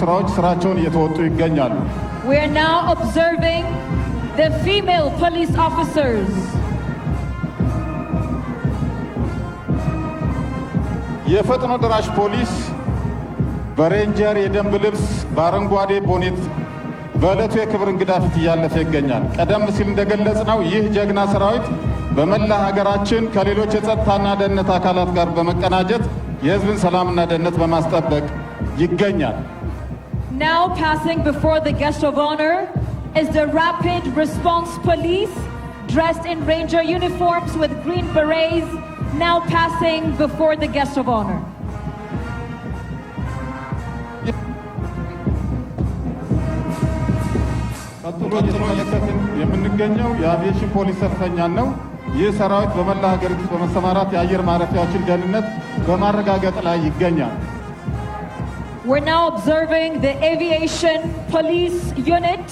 ስራዎች ስራቸውን እየተወጡ ይገኛሉ። We are now observing the female police officers. የፈጥኖ ደራሽ ፖሊስ በሬንጀር የደንብ ልብስ በአረንጓዴ ቦኔት በዕለቱ የክብር እንግዳ ፊት እያለፈ ይገኛል። ቀደም ሲል እንደገለጽ ነው ይህ ጀግና ሰራዊት በመላ ሀገራችን ከሌሎች የጸጥታና ደህንነት አካላት ጋር በመቀናጀት የሕዝብን ሰላምና ደህንነት በማስጠበቅ ይገኛል። Now passing before the guest of honor is the Rapid Response Police, dressed in ranger uniforms with green berets, now passing before the guest of honor. ቀጥሎ እየተመለከትን የምንገኘው የአቪዬሽን ፖሊስ ነው። ይህ ሰራዊት በመላ ሀገሪቱ በመሰማራት የአየር ማረፊያዎችን ደህንነት በማረጋገጥ ላይ ይገኛል። we're now observing the Aviation Police Unit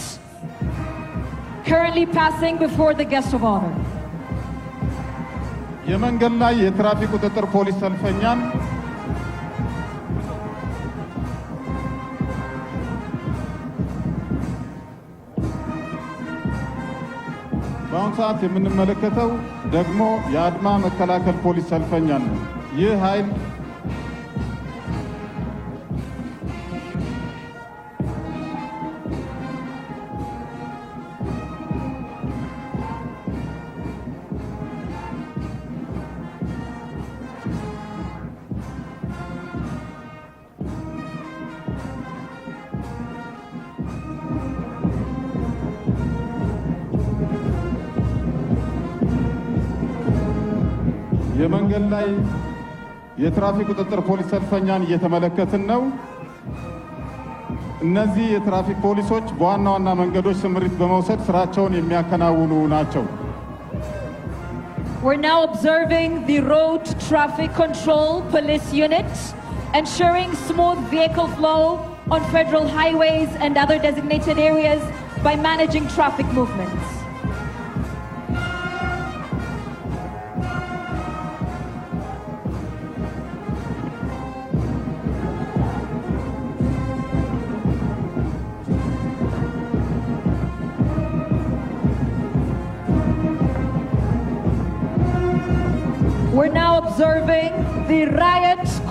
currently passing before the guest of honor. የመንገድ የትራፊክ ቁጥጥር ፖሊስ ሰልፈኛን በአሁኑ ሰዓት የምንመለከተው ደግሞ የአድማ መከላከል ፖሊስ ሰልፈኛን ነው። ይህ ኃይል ላይ የትራፊክ ቁጥጥር ፖሊስ ሰልፈኛን እየተመለከትን ነው። እነዚህ የትራፊክ ፖሊሶች በዋና ዋና መንገዶች ስምሪት በመውሰድ ስራቸውን የሚያከናውኑ ናቸው። We're now observing the road traffic control police unit ensuring smooth vehicle flow on federal highways and other designated areas by managing traffic movements.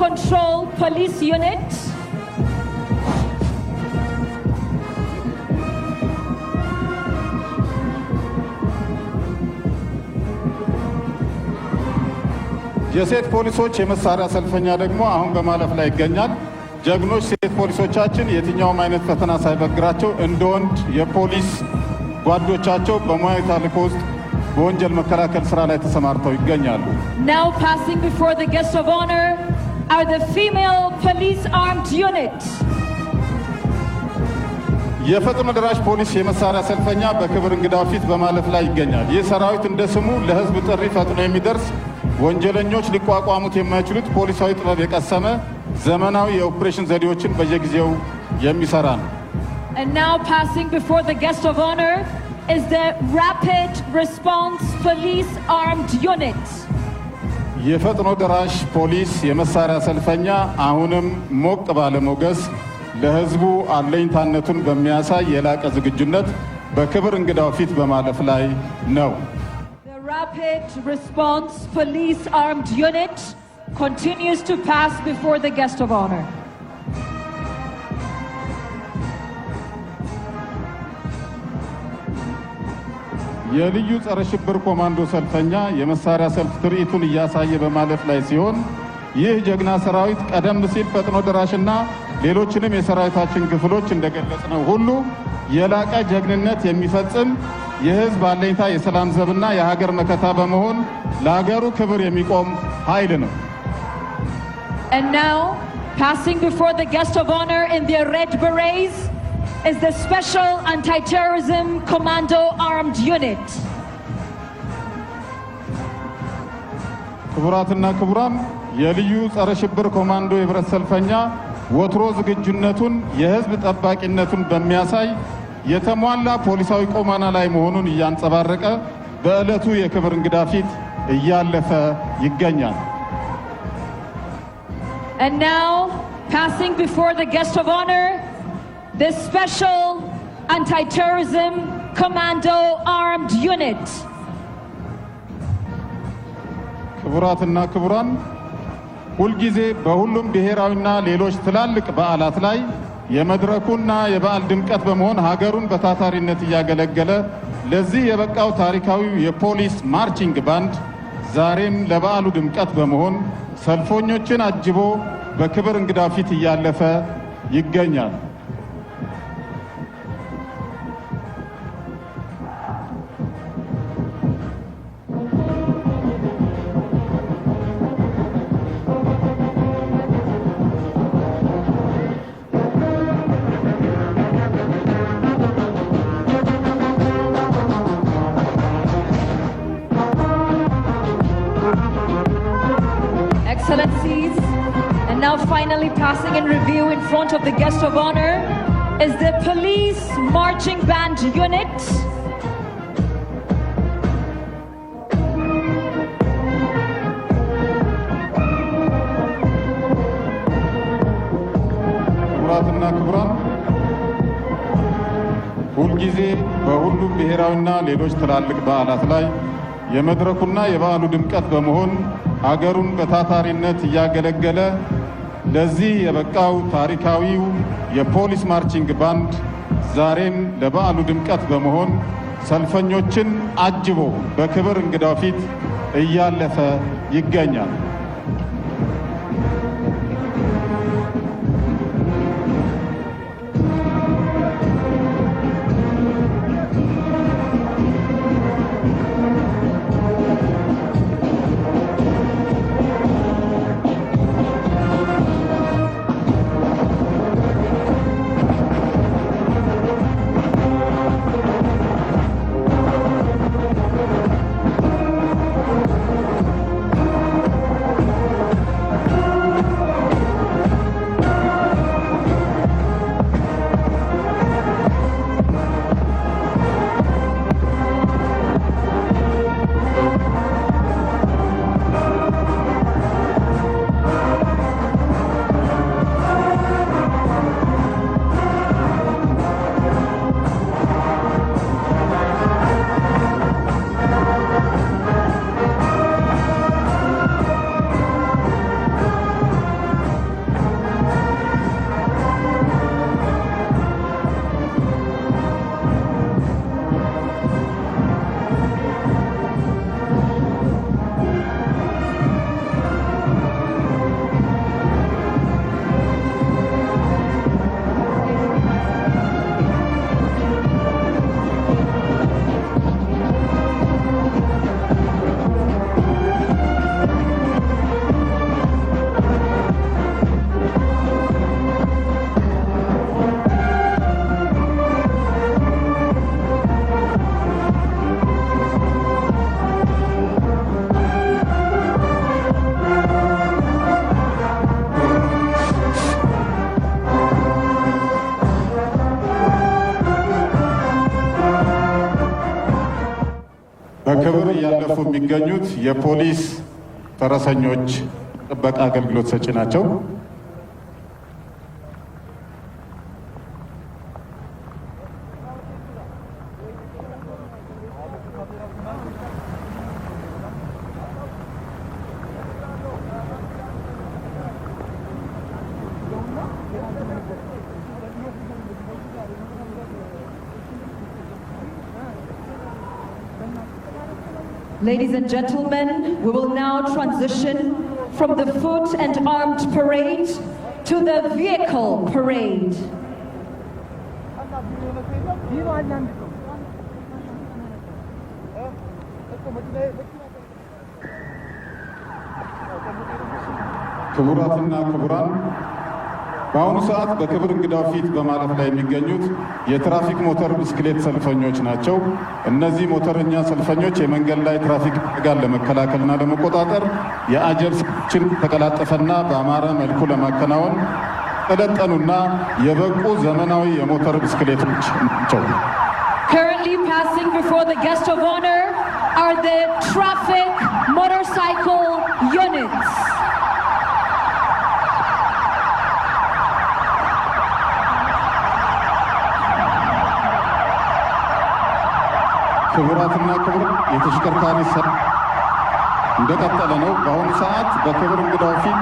Control Police Unit የሴት ፖሊሶች የመሳሪያ ሰልፈኛ ደግሞ አሁን በማለፍ ላይ ይገኛል። ጀግኖች ሴት ፖሊሶቻችን የትኛውም አይነት ፈተና ሳይበግራቸው እንደ ወንድ የፖሊስ ጓዶቻቸው በሙያዊ ታልኮ ውስጥ በወንጀል መከላከል ስራ ላይ ተሰማርተው ይገኛሉ። are the female police armed unit. የፈጥኖ ደራሽ ፖሊስ የመሳሪያ ሰልፈኛ በክብር እንግዳው ፊት በማለፍ ላይ ይገኛል። ይህ ሰራዊት እንደ ስሙ ለህዝብ ጥሪ ፈጥኖ የሚደርስ ወንጀለኞች ሊቋቋሙት የማይችሉት ፖሊሳዊ ጥበብ የቀሰመ ዘመናዊ የኦፕሬሽን ዘዴዎችን በየጊዜው የሚሰራ ነው። And now passing before the guest of honor is the Rapid Response Police Armed Unit. የፈጥኖ ደራሽ ፖሊስ የመሳሪያ ሰልፈኛ አሁንም ሞቅ ባለ ሞገስ ለህዝቡ አለኝታነቱን በሚያሳይ የላቀ ዝግጁነት በክብር እንግዳው ፊት በማለፍ ላይ ነው። Rapid response ፖሊስ armed unit continues to pass before the guest of honor. የልዩ ጸረ ሽብር ኮማንዶ ሰልፈኛ የመሳሪያ ሰልፍ ትርኢቱን እያሳየ በማለፍ ላይ ሲሆን ይህ ጀግና ሰራዊት ቀደም ሲል ፈጥኖ ደራሽና ሌሎችንም የሰራዊታችን ክፍሎች እንደገለጽነው ሁሉ የላቀ ጀግንነት የሚፈጽም የህዝብ አለኝታ፣ የሰላም ዘብና የሀገር መከታ በመሆን ለሀገሩ ክብር የሚቆም ኃይል ነው። And now, passing before the guest of honor in their red berets, is the Special Anti-Terrorism Commando Armed Unit. ክቡራትና ክቡራን የልዩ ጸረ ሽብር ኮማንዶ የህብረት ሰልፈኛ ወትሮ ዝግጁነቱን የህዝብ ጠባቂነቱን በሚያሳይ የተሟላ ፖሊሳዊ ቆማና ላይ መሆኑን እያንጸባረቀ በዕለቱ የክብር እንግዳ ፊት እያለፈ ይገኛል። And now, passing before the guest of honor, the Special Anti-Terrorism Commando Armed Unit. ክቡራትና ክቡራን ሁልጊዜ በሁሉም ብሔራዊና ሌሎች ትላልቅ በዓላት ላይ የመድረኩና የበዓል ድምቀት በመሆን ሀገሩን በታታሪነት እያገለገለ ለዚህ የበቃው ታሪካዊው የፖሊስ ማርቺንግ ባንድ ዛሬም ለበዓሉ ድምቀት በመሆን ሰልፈኞችን አጅቦ በክብር እንግዳ ፊት እያለፈ ይገኛል። Excellencies, and now finally passing in review in front of the guest of honor is the Police Marching Band Unit. ሁልጊዜ በሁሉም ብሔራዊና ሌሎች ትላልቅ በዓላት ላይ የመድረኩና የበዓሉ ድምቀት በመሆን አገሩን በታታሪነት እያገለገለ ለዚህ የበቃው ታሪካዊው የፖሊስ ማርቺንግ ባንድ ዛሬም ለበዓሉ ድምቀት በመሆን ሰልፈኞችን አጅቦ በክብር እንግዳው ፊት እያለፈ ይገኛል። የሚገኙት የፖሊስ ፈረሰኞች ጥበቃ አገልግሎት ሰጪ ናቸው። Ladies and gentlemen, we will now transition from the foot and armed parade to the vehicle parade. ክቡራትና ክቡራን በአሁኑ ሰዓት በክብር እንግዳው ፊት በማለፍ ላይ የሚገኙት የትራፊክ ሞተር ብስክሌት ሰልፈኞች ናቸው። እነዚህ ሞተረኛ ሰልፈኞች የመንገድ ላይ ትራፊክ አደጋን ለመከላከልና ለመቆጣጠር የአጀብ ስችን ተቀላጠፈና በአማረ መልኩ ለማከናወን የሰለጠኑና የበቁ ዘመናዊ የሞተር ብስክሌቶች ናቸው። Currently passing before the guest of honor are the traffic motorcycle units. ተሽከርካሪ ስራ እንደቀጠለ ነው። በአሁኑ ሰዓት በክብር እንግዳው ፊት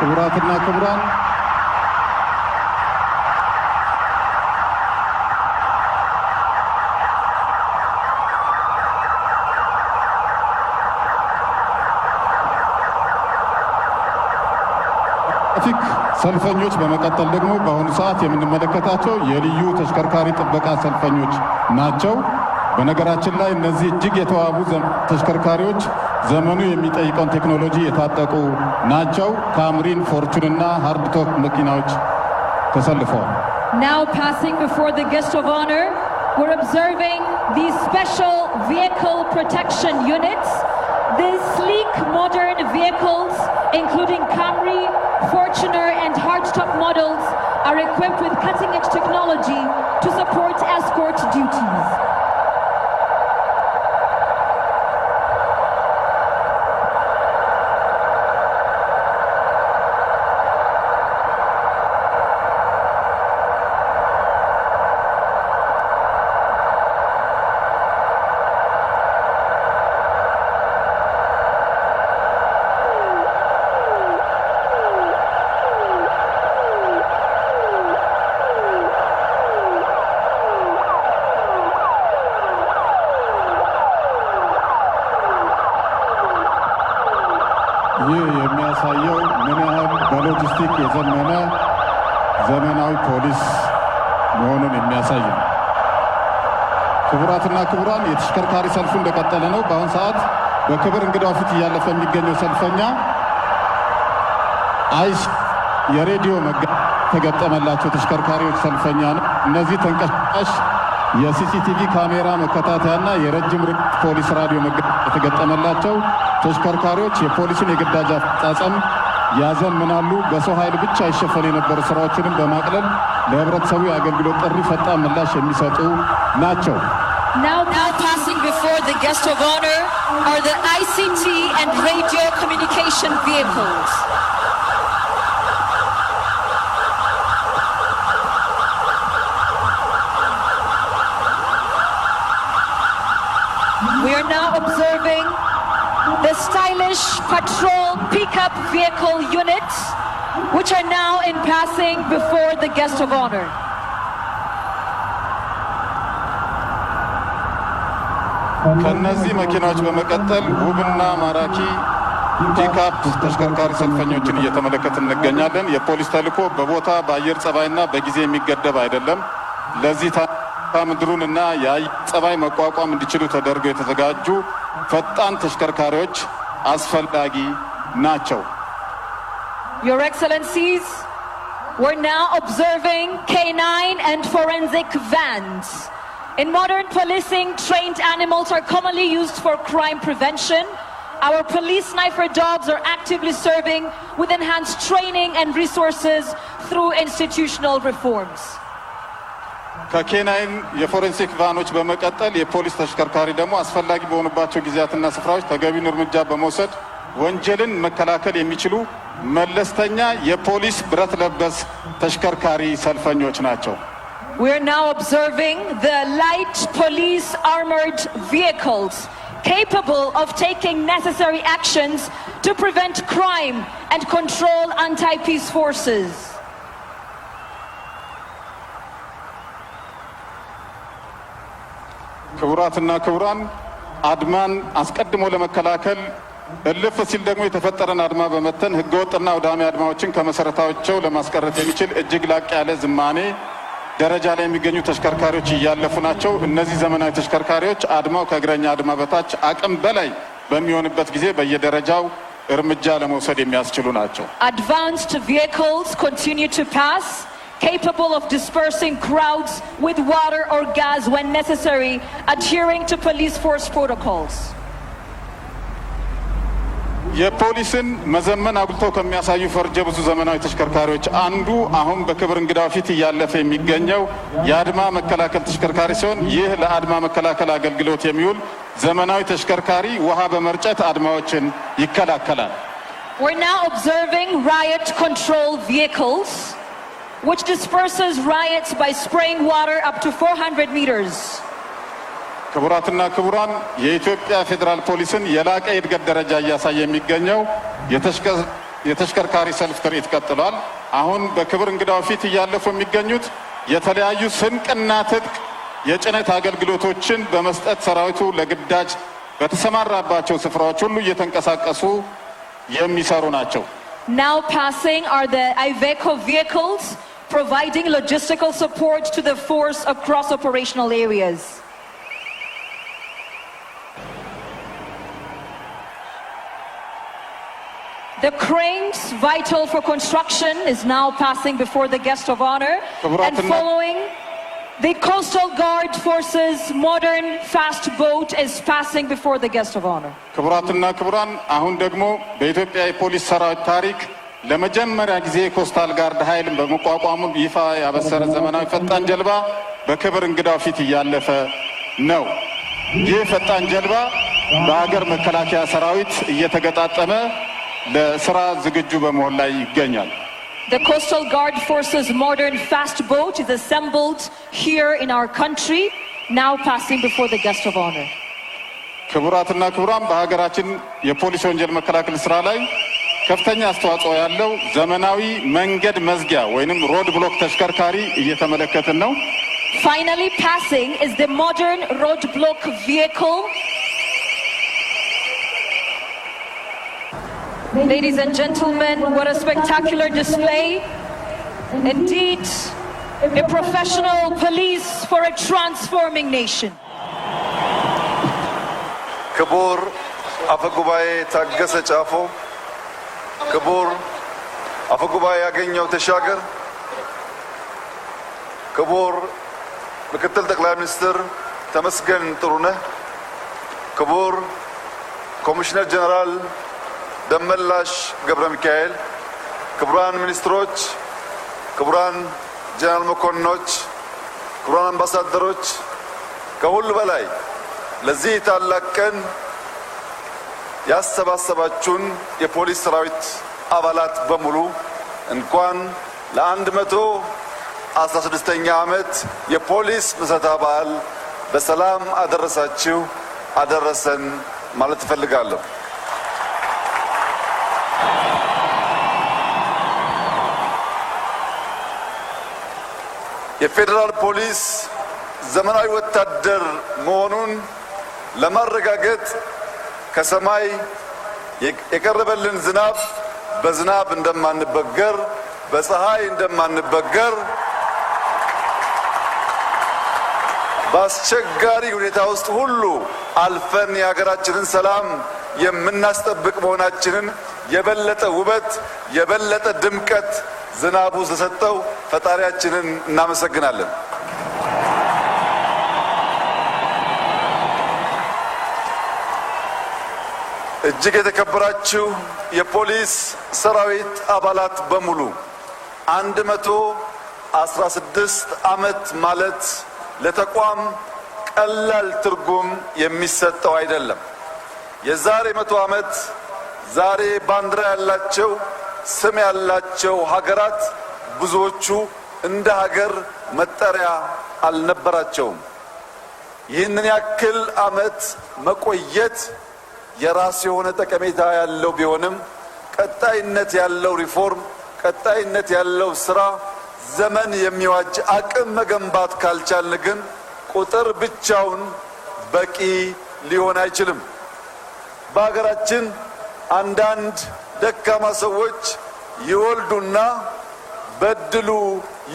ክቡራትና ክቡራን ሰልፈኞች በመቀጠል ደግሞ በአሁኑ ሰዓት የምንመለከታቸው የልዩ ተሽከርካሪ ጥበቃ ሰልፈኞች ናቸው። በነገራችን ላይ እነዚህ እጅግ የተዋቡ ተሽከርካሪዎች ዘመኑ የሚጠይቀውን ቴክኖሎጂ የታጠቁ ናቸው። ካምሪን፣ ፎርቹን እና ሃርድቶክ መኪናዎች ተሰልፈዋል። Now passing before the guest of honor, we're observing the special vehicle protection units. These sleek modern vehicles including Camry, Fortuner, and hardtop models, are equipped with cutting-edge technology to support escort duties. ክቡራትና ክቡራን የተሽከርካሪ ሰልፉ እንደቀጠለ ነው። በአሁኑ ሰዓት በክብር እንግዳው ፊት እያለፈ የሚገኘው ሰልፈኛ አይሽ የሬዲዮ መጋ ተገጠመላቸው ተሽከርካሪዎች ሰልፈኛ ነው። እነዚህ ተንቀሳቃሽ የሲሲቲቪ ካሜራ መከታተያና የረጅም ርቀት ፖሊስ ራዲዮ መጋ የተገጠመላቸው ተሽከርካሪዎች የፖሊሱን የግዳጅ አፈጻጸም ያዘምናሉ። በሰው ኃይል ብቻ ይሸፈን የነበሩ ስራዎችንም በማቅለል ለህብረተሰቡ የአገልግሎት ጥሪ ፈጣን ምላሽ የሚሰጡ ናቸው። Now passing before the guest of honor are the ICT and radio communication vehicles. We are now observing the stylish patrol pickup vehicle units, which are now in passing before the guest of honor. ከነዚህ መኪናዎች በመቀጠል ውብና ማራኪ ፒክአፕ ተሽከርካሪ ሰልፈኞችን እየተመለከት እንገኛለን። የፖሊስ ተልዕኮ በቦታ በአየር ጸባይና በጊዜ የሚገደብ አይደለም። ለዚህ ምድሩን እና የአየር ጸባይ መቋቋም እንዲችሉ ተደርገው የተዘጋጁ ፈጣን ተሽከርካሪዎች አስፈላጊ ናቸው። Your Excellencies, we're now observing canine and forensic vans. In modern policing, trained animals are commonly used for crime prevention. Our police sniper dogs are actively serving with enhanced training and resources through institutional reforms. ከኬናይን የፎሬንሲክ ቫኖች በመቀጠል የፖሊስ ተሽከርካሪ ደግሞ አስፈላጊ በሆኑባቸው ጊዜያትና ስፍራዎች ተገቢውን እርምጃ በመውሰድ ወንጀልን መከላከል የሚችሉ መለስተኛ የፖሊስ ብረት ለበስ ተሽከርካሪ ሰልፈኞች ናቸው። we are now observing the light police armored vehicles capable of taking necessary actions to prevent crime and control anti-peace forces. ክቡራትና ክቡራን አድማን አስቀድሞ ለመከላከል እልፍ ሲል ደግሞ የተፈጠረን አድማ በመተን ህገወጥና አውዳሚ አድማዎችን ከመሰረታቸው ለማስቀረት የሚችል እጅግ ላቅ ያለ ዝማኔ ደረጃ ላይ የሚገኙ ተሽከርካሪዎች እያለፉ ናቸው። እነዚህ ዘመናዊ ተሽከርካሪዎች አድማው ከእግረኛ አድማ በታች አቅም በላይ በሚሆንበት ጊዜ በየደረጃው እርምጃ ለመውሰድ የሚያስችሉ ናቸው። አድቫንስድ ቪክልስ ኮንቲኒ ቱ ፓስ capable of dispersing crowds with water or gas when necessary, adhering to police force protocols. የፖሊስን መዘመን አጉልተው ከሚያሳዩ ፈርጀ ብዙ ዘመናዊ ተሽከርካሪዎች አንዱ አሁን በክብር እንግዳ ፊት እያለፈ የሚገኘው የአድማ መከላከል ተሽከርካሪ ሲሆን ይህ ለአድማ መከላከል አገልግሎት የሚውል ዘመናዊ ተሽከርካሪ ውሃ በመርጨት አድማዎችን ይከላከላል። We're now observing riot control vehicles which disperses riots by spraying water up to 400 meters. ክቡራትና ክቡራን የኢትዮጵያ ፌዴራል ፖሊስን የላቀ የእድገት ደረጃ እያሳየ የሚገኘው የተሽከርካሪ ሰልፍ ትርኢት ቀጥሏል። አሁን በክብር እንግዳው ፊት እያለፉ የሚገኙት የተለያዩ ስንቅና ትጥቅ የጭነት አገልግሎቶችን በመስጠት ሰራዊቱ ለግዳጅ በተሰማራባቸው ስፍራዎች ሁሉ እየተንቀሳቀሱ የሚሰሩ ናቸው። Now passing are the Iveco vehicles providing logistical support to the force across operational areas. ክቡራትና ክቡራን አሁን ደግሞ በኢትዮጵያ የፖሊስ ሰራዊት ታሪክ ለመጀመሪያ ጊዜ የኮስታል ጋርድ ኃይልን በመቋቋሙ ይፋ ያበሰረ ዘመናዊ ፈጣን ጀልባ በክብር እንግዳው ፊት እያለፈ ነው። ይህ ፈጣን ጀልባ በሀገር መከላከያ ሰራዊት እየተገጣጠመ ለስራ ዝግጁ በመሆን ላይ ይገኛል። The Coastal Guard Forces modern fast boat is assembled here in our country, now passing before the guest of honor. ክቡራትና ክቡራን በሀገራችን የፖሊስ ወንጀል መከላከል ስራ ላይ ከፍተኛ አስተዋጽኦ ያለው ዘመናዊ መንገድ መዝጊያ ወይንም ሮድ ብሎክ ተሽከርካሪ እየተመለከትን ነው። Finally passing is the modern road block vehicle Ladies and gentlemen, what a spectacular display. Indeed, a professional police for a transforming nation. ክቡር Afagubaye ጉባኤ ታገሰ ጫፎ፣ Afagubaye አፈ ጉባኤ ያገኘው ተሻገር፣ ክቡር ምክትል ጠቅላይ ሚኒስትር ተመስገን ጥሩነህ፣ ደመላሽ ገብረ ሚካኤል፣ ክቡራን ሚኒስትሮች፣ ክቡራን ጀነራል መኮንኖች፣ ክቡራን አምባሳደሮች፣ ከሁሉ በላይ ለዚህ ታላቅ ቀን ያሰባሰባችሁን የፖሊስ ሰራዊት አባላት በሙሉ እንኳን ለአንድ መቶ አስራ ስድስተኛ ዓመት የፖሊስ ምስረታ በዓል በሰላም አደረሳችሁ አደረሰን ማለት እፈልጋለሁ። የፌዴራል ፖሊስ ዘመናዊ ወታደር መሆኑን ለማረጋገጥ ከሰማይ የቀረበልን ዝናብ በዝናብ እንደማንበገር፣ በፀሐይ እንደማንበገር፣ በአስቸጋሪ ሁኔታ ውስጥ ሁሉ አልፈን የሀገራችንን ሰላም የምናስጠብቅ መሆናችንን የበለጠ ውበት የበለጠ ድምቀት ዝናቡ ስለሰጠው ፈጣሪያችንን እናመሰግናለን። እጅግ የተከበራችሁ የፖሊስ ሰራዊት አባላት በሙሉ አንድ መቶ አስራ ስድስት ዓመት ማለት ለተቋም ቀላል ትርጉም የሚሰጠው አይደለም። የዛሬ መቶ ዓመት ዛሬ ባንዲራ ያላቸው ስም ያላቸው ሀገራት ብዙዎቹ እንደ ሀገር መጠሪያ አልነበራቸውም። ይህንን ያክል ዓመት መቆየት የራስ የሆነ ጠቀሜታ ያለው ቢሆንም ቀጣይነት ያለው ሪፎርም፣ ቀጣይነት ያለው ስራ፣ ዘመን የሚዋጅ አቅም መገንባት ካልቻልን ግን ቁጥር ብቻውን በቂ ሊሆን አይችልም። በሀገራችን አንዳንድ ደካማ ሰዎች ይወልዱና በድሉ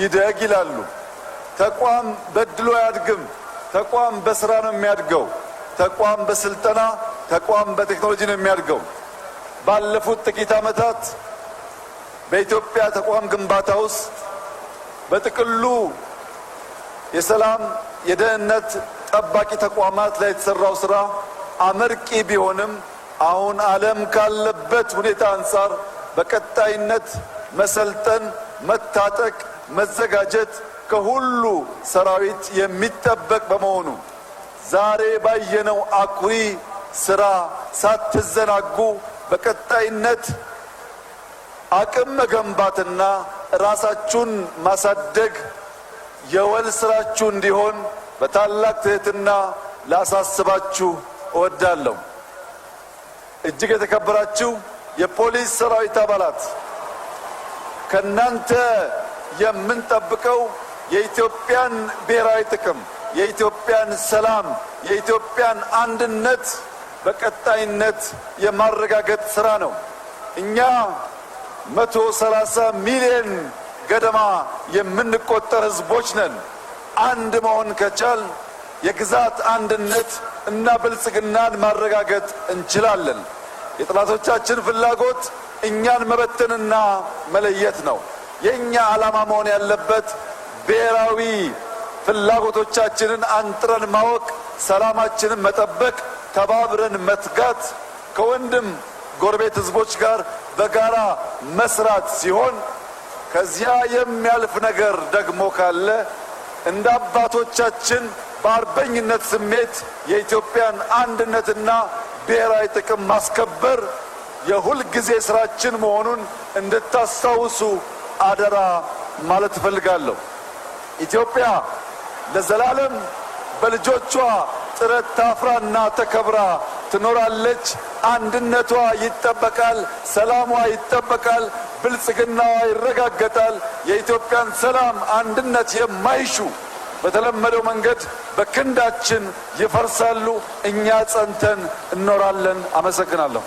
ይደግ ይላሉ። ተቋም በድሎ አያድግም። ተቋም በስራ ነው የሚያድገው። ተቋም በስልጠና ተቋም በቴክኖሎጂ ነው የሚያድገው። ባለፉት ጥቂት ዓመታት በኢትዮጵያ ተቋም ግንባታ ውስጥ በጥቅሉ የሰላም የደህንነት ጠባቂ ተቋማት ላይ የተሰራው ስራ አመርቂ ቢሆንም አሁን ዓለም ካለበት ሁኔታ አንጻር በቀጣይነት መሰልጠን፣ መታጠቅ፣ መዘጋጀት ከሁሉ ሰራዊት የሚጠበቅ በመሆኑ ዛሬ ባየነው አኩሪ ስራ ሳትዘናጉ በቀጣይነት አቅም መገንባትና ራሳችሁን ማሳደግ የወል ስራችሁ እንዲሆን በታላቅ ትህትና ላሳስባችሁ እወዳለሁ። እጅግ የተከበራችሁ የፖሊስ ሰራዊት አባላት ከእናንተ የምንጠብቀው የኢትዮጵያን ብሔራዊ ጥቅም፣ የኢትዮጵያን ሰላም፣ የኢትዮጵያን አንድነት በቀጣይነት የማረጋገጥ ስራ ነው። እኛ መቶ ሰላሳ ሚሊዮን ገደማ የምንቆጠር ህዝቦች ነን። አንድ መሆን ከቻል የግዛት አንድነት እና ብልጽግናን ማረጋገጥ እንችላለን። የጠላቶቻችን ፍላጎት እኛን መበተንና መለየት ነው። የእኛ ዓላማ መሆን ያለበት ብሔራዊ ፍላጎቶቻችንን አንጥረን ማወቅ፣ ሰላማችንን መጠበቅ፣ ተባብረን መትጋት፣ ከወንድም ጎረቤት ህዝቦች ጋር በጋራ መስራት ሲሆን ከዚያ የሚያልፍ ነገር ደግሞ ካለ እንደ አባቶቻችን በአርበኝነት ስሜት የኢትዮጵያን አንድነትና ብሔራዊ ጥቅም ማስከበር የሁል ጊዜ ስራችን መሆኑን እንድታስታውሱ አደራ ማለት እፈልጋለሁ። ኢትዮጵያ ለዘላለም በልጆቿ ጥረት ታፍራና ተከብራ ትኖራለች። አንድነቷ ይጠበቃል፣ ሰላሟ ይጠበቃል፣ ብልጽግናዋ ይረጋገጣል። የኢትዮጵያን ሰላም አንድነት የማይሹ በተለመደው መንገድ በክንዳችን ይፈርሳሉ። እኛ ጸንተን እኖራለን። አመሰግናለሁ።